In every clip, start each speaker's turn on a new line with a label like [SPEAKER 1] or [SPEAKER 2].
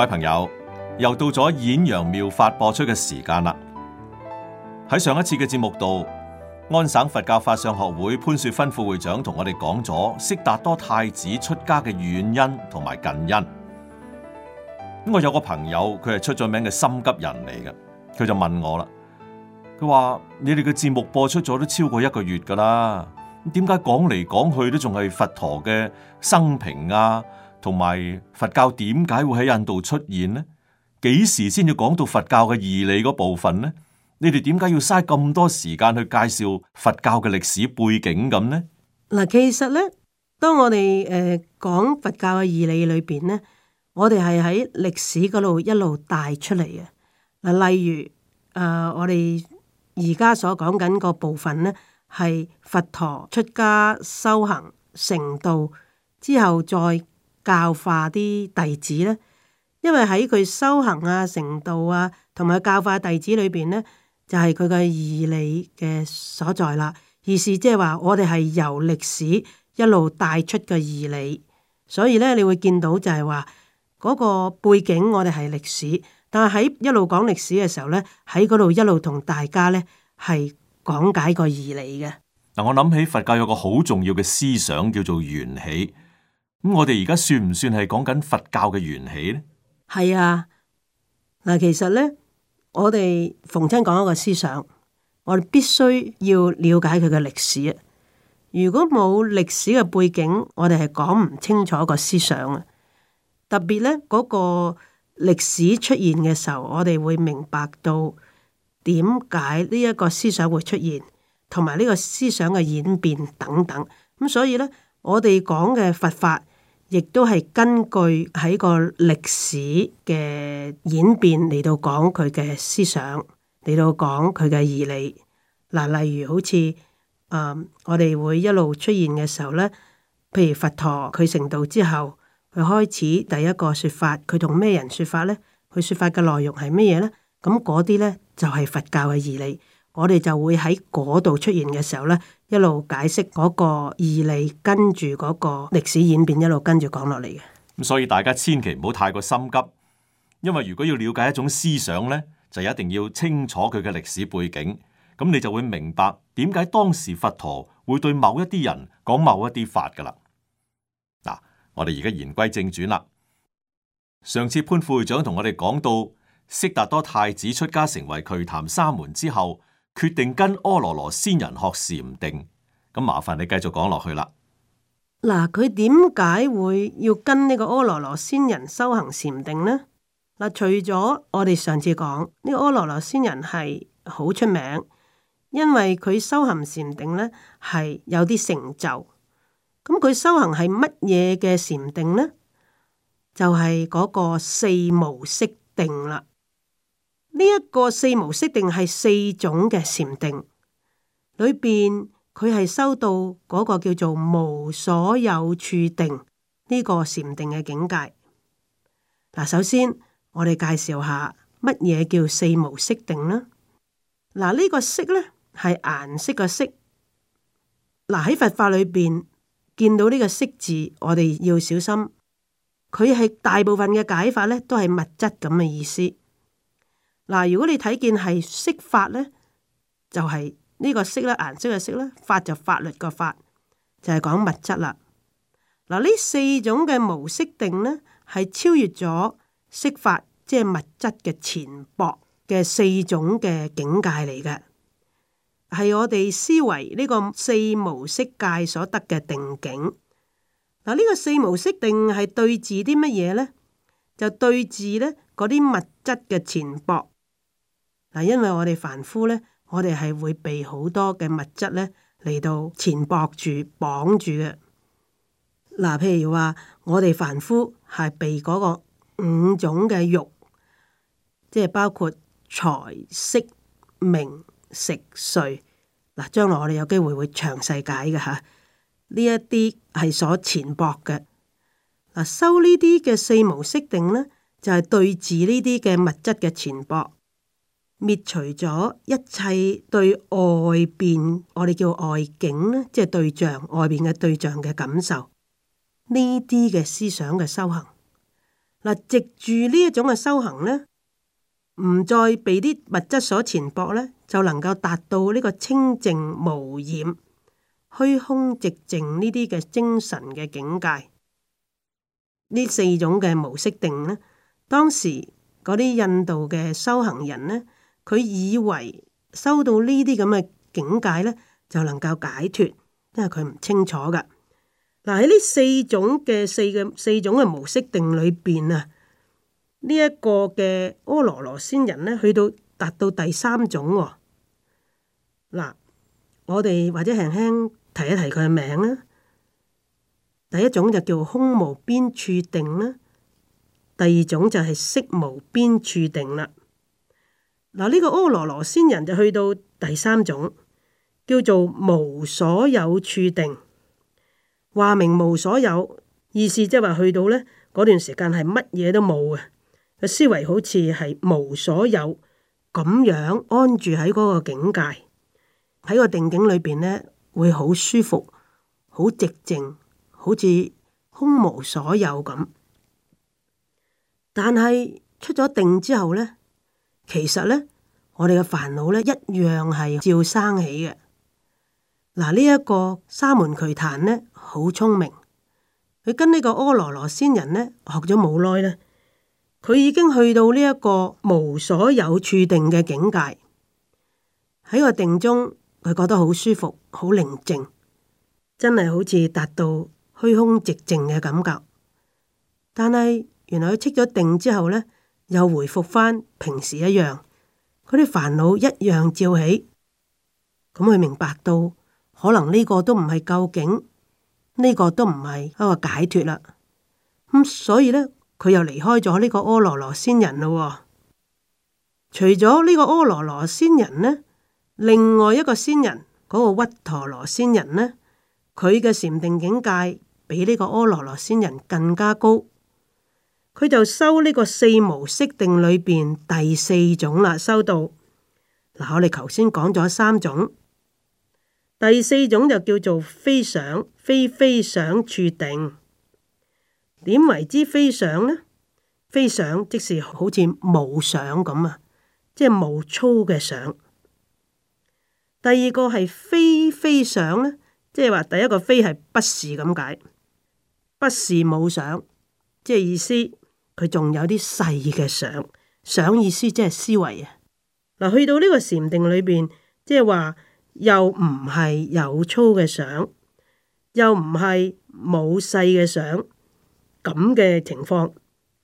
[SPEAKER 1] 各位朋友，又到咗演揚妙法播出嘅時間啦！喺上一次嘅節目度，安省佛教法相學會潘雪芬副副會長同我哋講咗悉達多太子出家嘅遠因同埋近因。咁我有個朋友，佢係出咗名嘅心急人嚟嘅，佢就問我啦，佢話你哋嘅節目播出咗都超過一個月噶啦，點解講嚟講去都仲係佛陀嘅生平啊？同埋佛教點解會喺印度出現咧？幾時先至講到佛教嘅義理嗰部分咧？你哋點解要嘥咁多時間去介紹佛教嘅歷史背景咁咧？
[SPEAKER 2] 嗱，其實咧，當我哋誒講佛教嘅義理裏邊咧，我哋係喺歷史嗰度一路帶出嚟嘅。嗱，例如誒、呃、我哋而家所講緊個部分咧，係佛陀出家修行成道之後再。教化啲弟子咧，因為喺佢修行啊、程度啊，同埋教化弟子裏邊咧，就係佢嘅義理嘅所在啦。意思即係話我哋係由歷史一路帶出嘅義理，所以咧你會見到就係話嗰個背景我哋係歷史，但係喺一路講歷史嘅時候咧，喺嗰度一路同大家咧係講解個義理嘅。
[SPEAKER 1] 嗱，我諗起佛教有個好重要嘅思想叫做緣起。咁我哋而家算唔算係講緊佛教嘅緣起呢？
[SPEAKER 2] 係啊，嗱，其實呢，我哋逢親講一個思想，我哋必須要了解佢嘅歷史。如果冇歷史嘅背景，我哋係講唔清楚個思想啊。特別呢，嗰個歷史出現嘅時候，我哋會明白到點解呢一個思想會出現，同埋呢個思想嘅演變等等。咁所以呢，我哋講嘅佛法。亦都係根據喺個歷史嘅演變嚟到講佢嘅思想，嚟到講佢嘅義理。嗱，例如好似誒、嗯，我哋會一路出現嘅時候咧，譬如佛陀佢成道之後，佢開始第一個說法，佢同咩人說法咧？佢說法嘅內容係咩嘢咧？咁嗰啲咧就係、是、佛教嘅義理。我哋就會喺嗰度出現嘅時候咧，一路解釋嗰個義理，跟住嗰個歷史演變，一路跟住講落嚟嘅。
[SPEAKER 1] 咁、嗯、所以大家千祈唔好太過心急，因為如果要了解一種思想咧，就一定要清楚佢嘅歷史背景。咁你就會明白點解當時佛陀會對某一啲人講某一啲法噶啦。嗱，我哋而家言歸正傳啦。上次潘副會長同我哋講到，悉達多太子出家成為瞿曇沙門之後。決定跟阿羅羅仙人學禪定，咁麻煩你繼續講落去啦。
[SPEAKER 2] 嗱，佢點解會要跟呢個阿羅羅仙人修行禪定呢？嗱，除咗我哋上次講呢、呢個阿羅羅仙人係好出名，因為佢修行禪定呢係有啲成就。咁佢修行係乜嘢嘅禪定呢？就係、是、嗰個四無色定啦。呢一個四無色定係四種嘅禪定裏邊，佢係收到嗰個叫做無所有處定呢個禪定嘅境界。嗱，首先我哋介紹下乜嘢叫四無色定啦。嗱，呢個色呢係顏色嘅色。嗱喺佛法裏邊見到呢個色字，我哋要小心，佢係大部分嘅解法呢都係物質咁嘅意思。嗱，如果你睇見係色法咧，就係、是、呢個色啦，顏色嘅色啦，法就法律個法，就係、是、講物質啦。嗱，呢四種嘅無色定咧，係超越咗色法，即、就、係、是、物質嘅纏縛嘅四種嘅境界嚟嘅，係我哋思維呢個四無色界所得嘅定境。嗱，呢個四無色定係對治啲乜嘢咧？就對治咧嗰啲物質嘅纏縛。嗱，因為我哋凡夫呢，我哋係會被好多嘅物質呢嚟到纏縛住、綁住嘅。嗱、呃，譬如話，我哋凡夫係被嗰個五種嘅欲，即係包括財色名食睡。嗱，將、呃、來我哋有機會會詳細解嘅嚇。呢一啲係所纏縛嘅。嗱、呃，修呢啲嘅四無色定呢，就係、是、對治呢啲嘅物質嘅纏縛。滅除咗一切對外邊，我哋叫外境咧，即係對象外邊嘅對象嘅感受，呢啲嘅思想嘅修行，嗱，藉住呢一種嘅修行咧，唔再被啲物質所纏縛咧，就能夠達到呢個清淨無染、虛空寂靜呢啲嘅精神嘅境界。呢四種嘅無色定呢，當時嗰啲印度嘅修行人咧。佢以為收到呢啲咁嘅境界咧，就能夠解脫，因為佢唔清楚噶。嗱，喺呢四種嘅四嘅四種嘅無色定裏邊啊，這個、羅羅呢一個嘅阿羅羅仙人咧，去到達到第三種喎、哦。嗱，我哋或者輕輕提一提佢嘅名啦。第一種就叫空無邊處定啦，第二種就係識無邊處定啦。嗱，呢個阿羅羅仙人就去到第三種，叫做無所有處定，話明無所有，意思即係話去到咧嗰段時間係乜嘢都冇嘅，個思維好似係無所有咁樣安住喺嗰個境界，喺個定境裏邊咧會好舒服、好寂靜，好似空無所有咁。但係出咗定之後咧。其實呢，我哋嘅煩惱咧一樣係照生起嘅。嗱，呢一個沙門瞿曇呢，好聰明，佢跟呢個阿羅羅仙人呢，學咗冇耐呢，佢已經去到呢一個無所有處定嘅境界。喺個定中，佢覺得好舒服、好寧靜，真係好似達到虛空寂靜嘅感覺。但係原來佢出咗定之後呢。又回復翻平時一樣，佢啲煩惱一樣照起，咁佢明白到可能呢個都唔係究竟，呢、這個都唔係一個解脫啦。咁所以呢，佢又離開咗呢個阿羅羅仙人咯、哦。除咗呢個阿羅羅仙人呢，另外一個仙人嗰、那個鬱陀羅仙人呢，佢嘅禪定境界比呢個阿羅羅仙人更加高。佢就收呢個四無色定裏邊第四種啦，收到嗱，我哋頭先講咗三種，第四種就叫做非想非非想處定。點為之非想呢？非想即是好似無想咁啊，即係無粗嘅想。第二個係非非想呢，即係話第一個非係不是咁解，不是冇想，即係意思。佢仲有啲細嘅想，想意思即係思維啊！嗱，去到呢個禪定裏邊，即係話又唔係有粗嘅想，又唔係冇細嘅想咁嘅情況。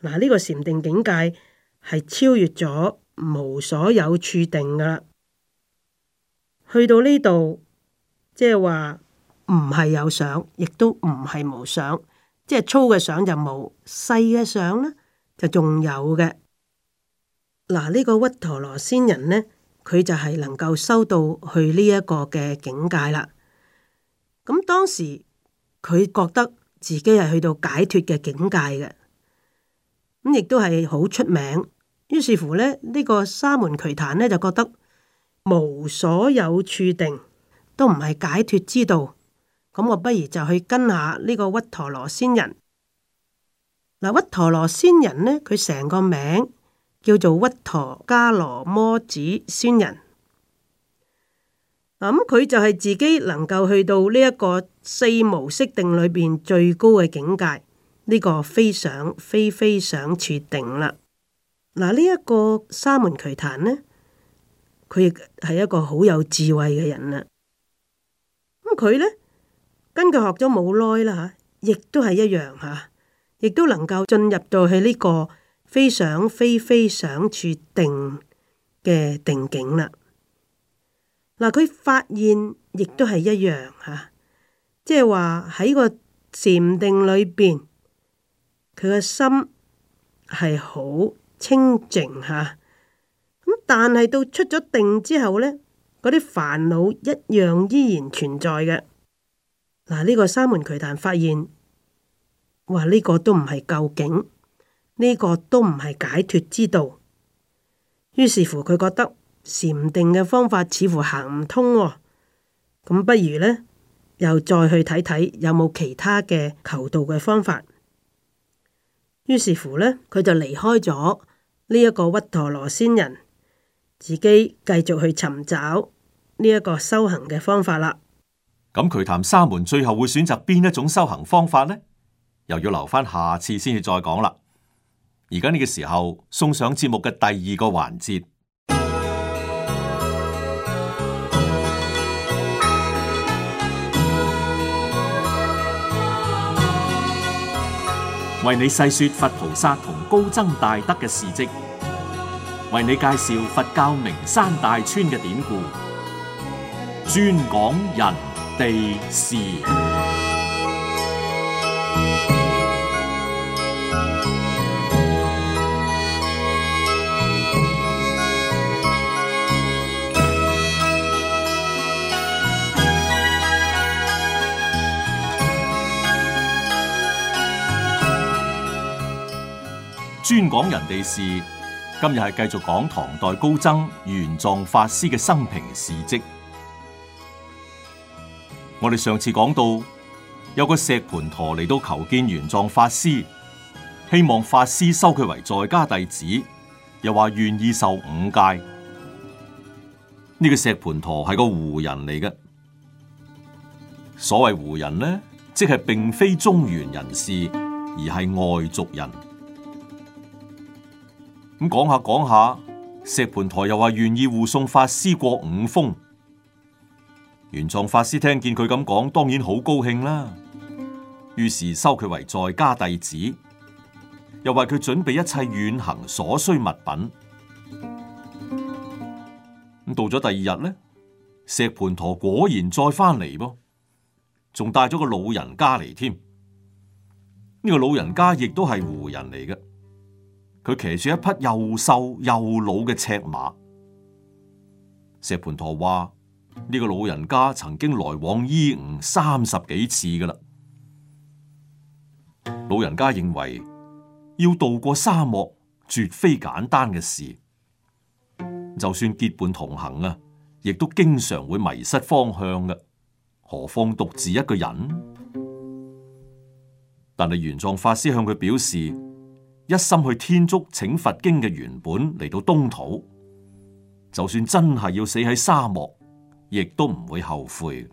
[SPEAKER 2] 嗱，呢個禪定境界係超越咗無所有處定噶啦。去到呢度，即係話唔係有想，亦都唔係冇想，即係粗嘅想就冇，細嘅想啦。就仲有嘅，嗱、這、呢個鬱陀羅仙人呢，佢就係能夠修到去呢一個嘅境界啦。咁、嗯、當時佢覺得自己係去到解脫嘅境界嘅，咁、嗯、亦都係好出名。於是乎咧，呢、這個沙門瞿曇呢，就覺得無所有處定都唔係解脫之道，咁、嗯、我不如就去跟下呢個鬱陀羅仙人。嗱，鬱陀羅仙人咧，佢成個名叫做鬱陀迦羅摩子仙人。嗱，咁佢就係自己能夠去到呢一個四無色定裏邊最高嘅境界，呢個非想非非想處定啦。嗱，呢一個沙門瞿曇呢，佢亦係一個好有智慧嘅人啦。咁佢咧，跟佢學咗冇耐啦吓，亦都係一樣吓。亦都能夠進入到去呢個非想非非想處定嘅定境啦。嗱，佢發現亦都係一樣吓，即係話喺個禪定裏邊，佢個心係好清淨吓。咁但係到出咗定之後呢，嗰啲煩惱一樣依然存在嘅。嗱，呢個三門渠潭發現。話呢，這個都唔係究竟，呢，這個都唔係解脫之道。於是乎，佢覺得禪定嘅方法似乎行唔通，哦，咁、嗯、不如呢，又再去睇睇，有冇其他嘅求道嘅方法。於是乎呢，佢就離開咗呢一個鬱陀羅仙人，自己繼續去尋找呢一個修行嘅方法啦。
[SPEAKER 1] 咁，瞿曇沙門最後會選擇邊一種修行方法呢？又要留翻下，下次先至再講啦。而家呢個時候送上節目嘅第二個環節，為你細說佛菩薩同高僧大德嘅事跡，為你介紹佛教名山大川嘅典故，專講人地事。宣講人哋事，今日係繼續講唐代高僧玄奘法師嘅生平事跡。我哋上次講到，有個石盤陀嚟到求見玄奘法師，希望法師收佢為在家弟子，又話願意受五戒。呢個石盤陀係個胡人嚟嘅，所謂胡人呢，即係並非中原人士，而係外族人。咁講下講下，石盤陀又話願意護送法師過五烽。玄奘法師聽見佢咁講，當然好高興啦。於是收佢為在家弟子，又為佢準備一切遠行所需物品。咁到咗第二日呢，石盤陀果然再翻嚟噃，仲帶咗個老人家嚟添。呢個老人家亦都係胡人嚟嘅。佢騎住一匹又瘦又老嘅赤馬，石盤陀話：呢、這個老人家曾經來往伊吾三十幾次㗎喇。老人家認為要渡過沙漠絕非簡單嘅事，就算結伴同行啊，亦都經常會迷失方向嘅，何況獨自一個人。但係玄奘法師向佢表示。一心去天竺請佛經嘅原本嚟到東土，就算真係要死喺沙漠，亦都唔會後悔。呢、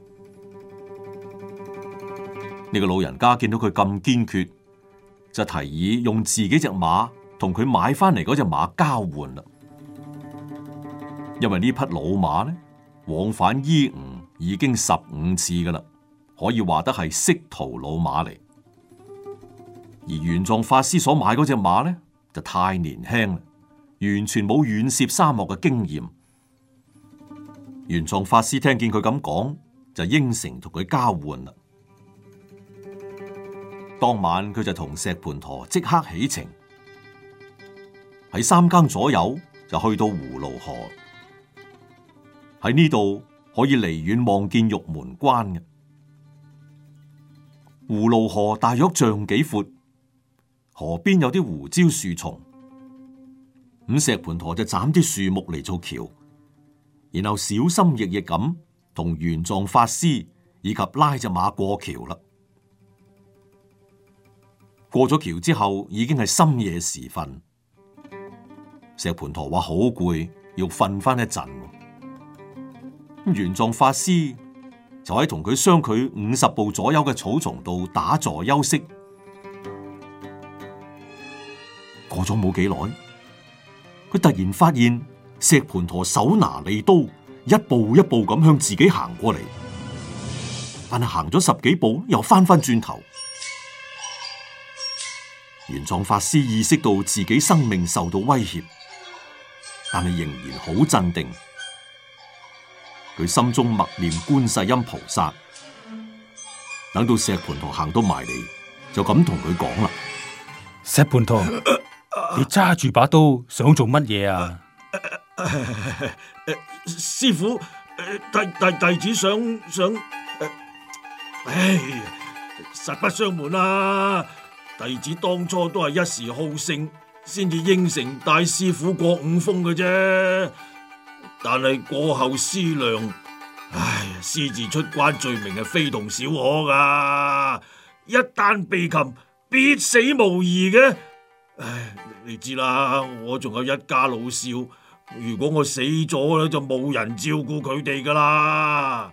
[SPEAKER 1] 呢個老人家見到佢咁堅決，就提議用自己隻馬同佢買翻嚟嗰隻馬交換啦。因為呢匹老馬呢，往返伊吾已經十五次噶啦，可以話得係識途老馬嚟。而玄奘法師所買嗰隻馬呢，就太年輕啦，完全冇遠涉沙漠嘅經驗。玄奘法師聽見佢咁講，就應承同佢交換啦。當晚佢就同石盤陀即刻起程，喺三更左右就去到葫蘆河。喺呢度可以離遠望見玉門關嘅。葫蘆河大約丈幾闊。河邊有啲胡椒樹叢，咁石盤陀就斬啲樹木嚟做橋，然後小心翼翼咁同玄奘法師以及拉隻馬過橋啦。過咗橋之後，已經係深夜時分，石盤陀話好攰，要瞓翻一陣。咁玄奘法師就喺同佢相距五十步左右嘅草叢度打坐休息。咗冇幾耐，佢突然發現石盤陀手拿利刀，一步一步咁向自己行過嚟。但係行咗十幾步，又翻翻轉頭。玄奘法師意識到自己生命受到威脅，但係仍然好鎮定。佢心中默念觀世音菩薩，等到石盤陀行到埋嚟，就咁同佢講啦：石盤陀。你揸住把刀想做乜嘢啊，啊，啊，啊，啊，啊？
[SPEAKER 3] 師傅，第、啊、第弟，弟子想想，唉、啊哎，實不相瞞啦、啊，弟子當初都係一時好勝，先至應承帶師傅過五烽嘅啫。但係過後思量，唉、哎，私自出關罪名係非同小可噶，一旦被擒，必死無疑嘅。唉，你知啦，我仲有一家老少，如果我死咗咧，就冇人照顧佢哋噶啦。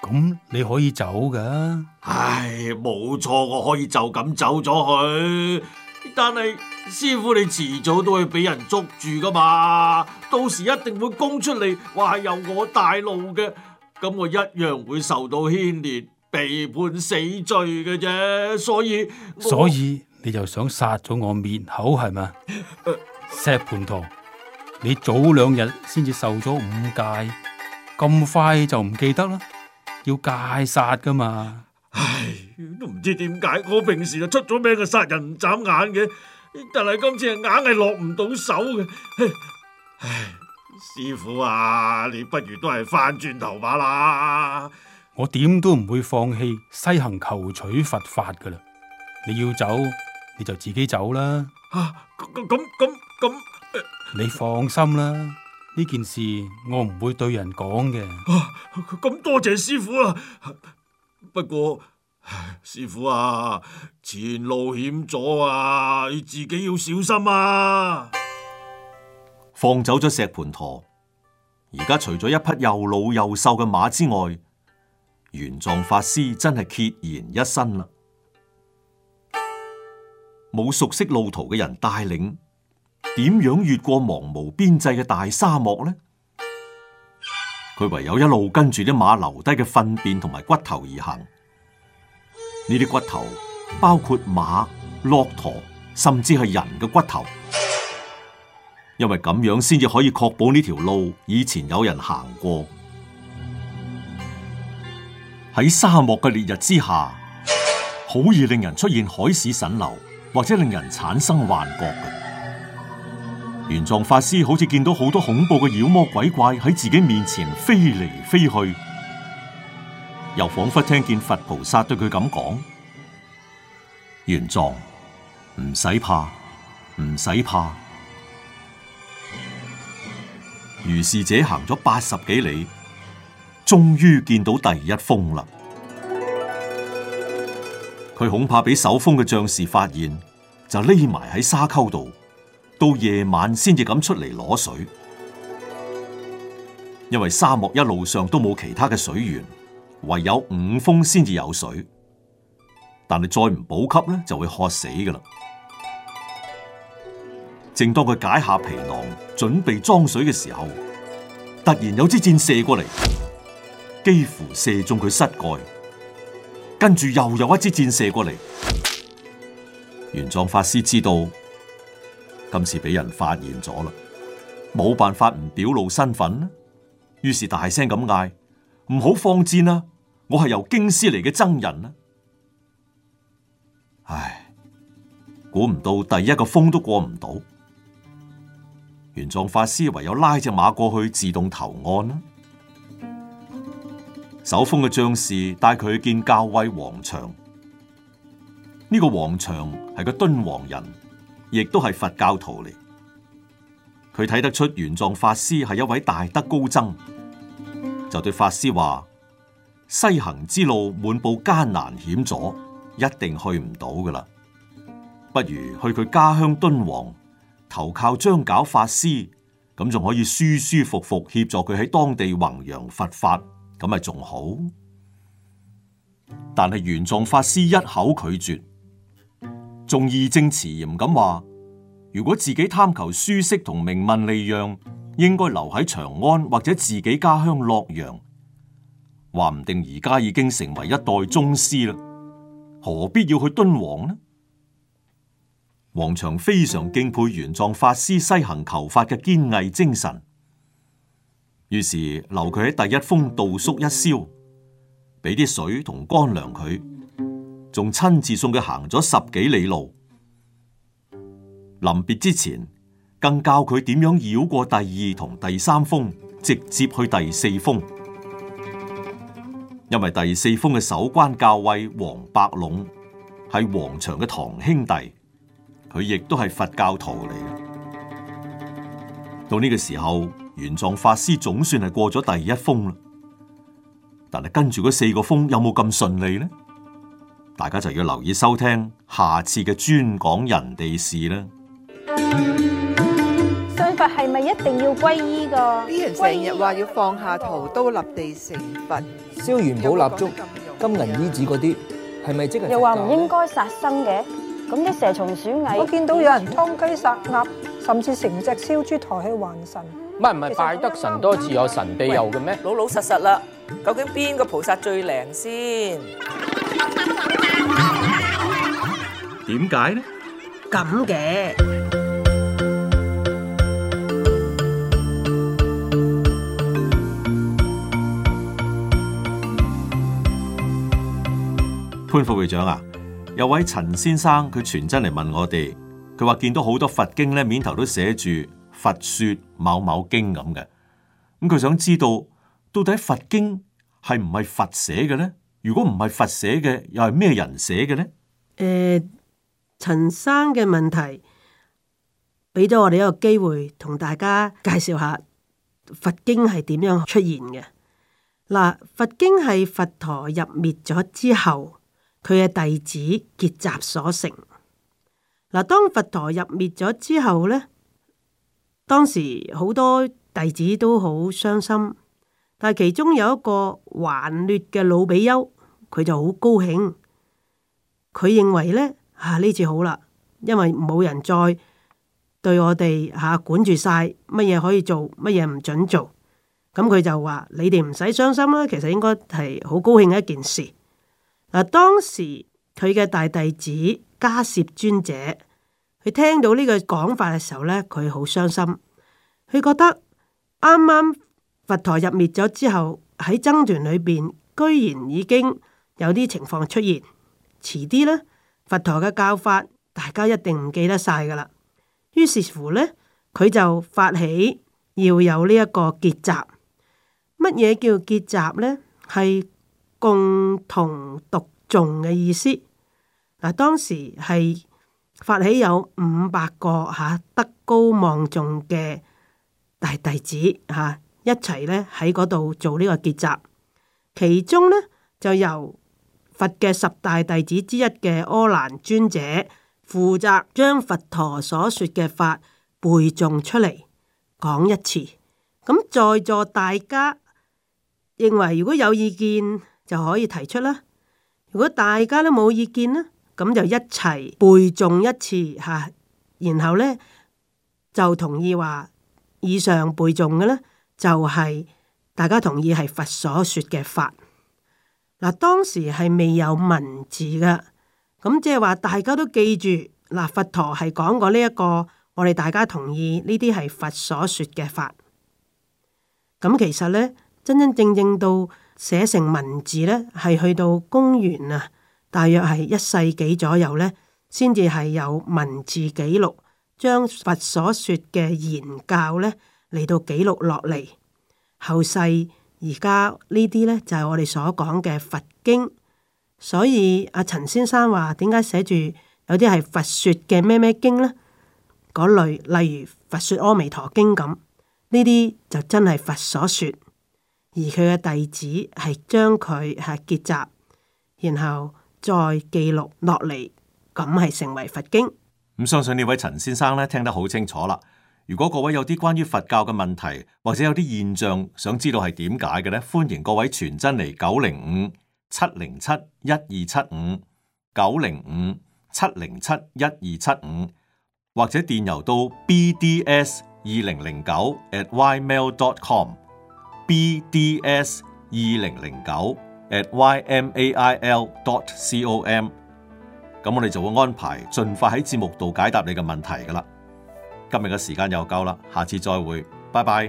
[SPEAKER 3] 咁你可以走噶？唉，冇錯，我可以就咁走咗去。但係師父，你遲早都會俾人捉住噶嘛，到時一定會供出嚟話係由我帶路嘅，咁我一樣會受到牽連，被判死罪嘅啫。所以所以。你就想殺咗我滅口係嘛？呃、石槃陀，你早兩日先至受咗五戒，咁快就唔記得啦？要戒殺噶嘛？唉，都唔知點解，我平時就出咗名嘅殺人唔眨眼嘅，但係今次硬係落唔到手嘅。唉，師父啊，你不如都係翻轉頭吧啦。我點都唔會放棄西行求取佛法噶啦，你要走，你就自己走啦，啊呃啊。啊，咁咁咁你放心啦，呢件事我唔會對人講嘅。咁多謝師傅啦，啊啊。不過，師傅啊，前路險阻啊，你自己要小心啊。
[SPEAKER 1] 放走咗石盤陀，而家除咗一匹又老又瘦嘅馬之外，玄奘法師真係孑然一身啦。冇熟悉路途嘅人帶領，點樣越過茫無邊際嘅大沙漠呢？佢唯有一路跟住啲馬留低嘅糞便同埋骨頭而行。呢啲骨頭包括馬、駱駝，甚至係人嘅骨頭。因為咁樣先至可以確保呢條路以前有人行過。喺沙漠嘅烈日之下，好易令人出現海市蜃樓。或者令人產生幻覺嘅，玄奘法師好似見到好多恐怖嘅妖魔鬼怪喺自己面前飛嚟飛去，又仿佛聽見佛菩薩對佢咁講：玄奘，唔使怕，唔使怕。如是者行咗八十幾里，終於見到第一烽啦。佢恐怕俾守烽嘅將士發現，就匿埋喺沙溝度，到夜晚先至敢出嚟攞水。因為沙漠一路上都冇其他嘅水源，唯有五烽先至有水。但係再唔補給咧，就會渴死噶啦。正當佢解下皮囊準備裝水嘅時候，突然有支箭射過嚟，幾乎射中佢膝蓋。跟住又有一支箭射過嚟，玄奘法師知道今次俾人發現咗啦，冇辦法唔表露身份，於是大聲咁嗌：唔好放箭啦！我係由京師嚟嘅僧人啦。唉，估唔到第一個烽都過唔到，玄奘法師唯有拉隻馬過去自動投案啦。守烽嘅將士帶佢去見校尉王祥，呢、這個王祥係個敦煌人，亦都係佛教徒嚟。佢睇得出玄奘法師係一位大德高僧，就對法師話：西行之路滿布艱難險阻，一定去唔到噶啦。不如去佢家鄉敦煌投靠張皎法師，咁仲可以舒舒服服協助佢喺當地弘揚佛法。咁咪仲好，但係玄奘法師一口拒絕，仲義正詞嚴咁話：如果自己貪求舒適同名聞利養，應該留喺長安或者自己家鄉洛陽，話唔定而家已經成為一代宗師啦，何必要去敦煌呢？王祥非常敬佩玄奘法師西行求法嘅堅毅精神。於是留佢喺第一烽度宿一宵，俾啲水同乾糧佢，仲親自送佢行咗十幾里路。臨別之前，更教佢點樣繞過第二同第三烽，直接去第四烽。因為第四烽嘅首關校尉王伯隴係王祥嘅堂兄弟，佢亦都係佛教徒嚟。到呢個時候。原藏法師總算係過咗第一烽啦，但係跟住嗰四個烽有冇咁順利呢？大家就要留意收聽下次嘅專講人哋事啦，嗯。
[SPEAKER 2] 信佛係咪一定要皈依噶？啲人成日話要放下屠刀立地成佛，
[SPEAKER 1] 燒元寶蠟燭、金銀衣紙嗰啲，係咪、嗯、即係？又話唔應
[SPEAKER 2] 該殺生嘅，咁啲蛇蟲鼠蟻，我見到有人殺雞殺鴨，甚至成隻燒豬抬去還神。
[SPEAKER 1] 唔唔係，拜得神多自有神庇佑嘅咩？老老實實啦，究竟邊個菩薩最
[SPEAKER 2] 靚先？
[SPEAKER 1] 點解
[SPEAKER 2] 呢？咁嘅
[SPEAKER 1] 潘副會長啊，有位陳先生佢傳真嚟問我哋，佢話見到好多佛經咧，面頭都寫住。佛說某某經咁嘅，咁佢想知道到底佛經係唔係佛寫嘅呢？如果唔係佛寫嘅，又係咩人寫嘅呢？
[SPEAKER 2] 誒、呃，陳生嘅問題，俾咗我哋一個機會，同大家介紹下佛經係點樣出現嘅。嗱、呃，佛經係佛陀入滅咗之後，佢嘅弟子結集所成。嗱、呃，當佛陀入滅咗之後咧。當時好多弟子都好傷心，但其中有一個頑劣嘅老比丘，佢就好高興。佢認為呢，吓、啊、呢次好啦，因為冇人再對我哋吓、啊、管住晒，乜嘢可以做，乜嘢唔准做。咁、嗯、佢就話：你哋唔使傷心啦，其實應該係好高興嘅一件事。嗱、啊，當時佢嘅大弟子迦葉尊者。佢聽到呢個講法嘅時候呢，佢好傷心。佢覺得啱啱佛陀入滅咗之後，喺僧團裏邊居然已經有啲情況出現。遲啲呢，佛陀嘅教法大家一定唔記得晒㗎喇。於是乎呢，佢就發起要有呢一個結集。乜嘢叫結集呢？係共同讀誦嘅意思。嗱，當時係。發起有五百個嚇、啊、德高望重嘅大弟子嚇、啊，一齊咧喺嗰度做呢個結集。其中呢，就由佛嘅十大弟子之一嘅阿難尊者負責將佛陀所說嘅法背誦出嚟講一次。咁在座大家認為如果有意見就可以提出啦。如果大家都冇意見呢？咁就一齊背誦一次嚇、啊，然後咧就同意話以上背誦嘅咧，就係、是、大家同意係佛所說嘅法。嗱、啊，當時係未有文字噶，咁、啊、即係話大家都記住嗱、啊，佛陀係講過呢、這、一個，我哋大家同意呢啲係佛所說嘅法。咁、啊、其實咧，真真正正到寫成文字咧，係去到公元啊。大約係一世紀左右咧，先至係有文字記錄，將佛所說嘅言教咧嚟到記錄落嚟。後世而家呢啲咧就係我哋所講嘅佛經。所以阿陳先生話點解寫住有啲係佛説嘅咩咩經咧？嗰類例如佛説阿彌陀經咁，呢啲就真係佛所説，而佢嘅弟子係將佢係結集，然後。再記錄落嚟，咁係成為佛經。
[SPEAKER 1] 咁相信呢位陳先生咧，聽得好清楚啦。如果各位有啲關於佛教嘅問題，或者有啲現象想知道係點解嘅咧，歡迎各位傳真嚟九零五七零七一二七五九零五七零七一二七五，75, 75，或者電郵到 bds 二零零九 at ymail.com bds 二零零九。at y m a i l dot c o m，咁我哋就會安排盡快喺節目度解答你嘅問題噶啦。今日嘅時間又夠啦，下次再會，拜拜。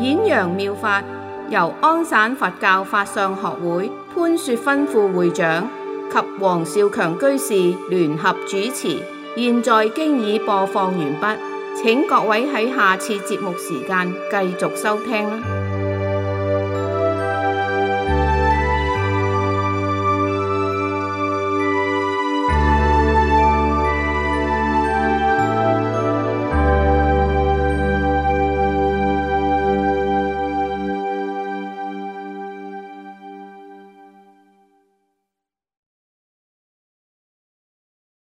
[SPEAKER 2] 演揚妙法由安省佛教法相學會潘雪芬副會長及黃少強居士聯合主持，現在經已播放完畢。請各位喺下次節目時間繼續收聽。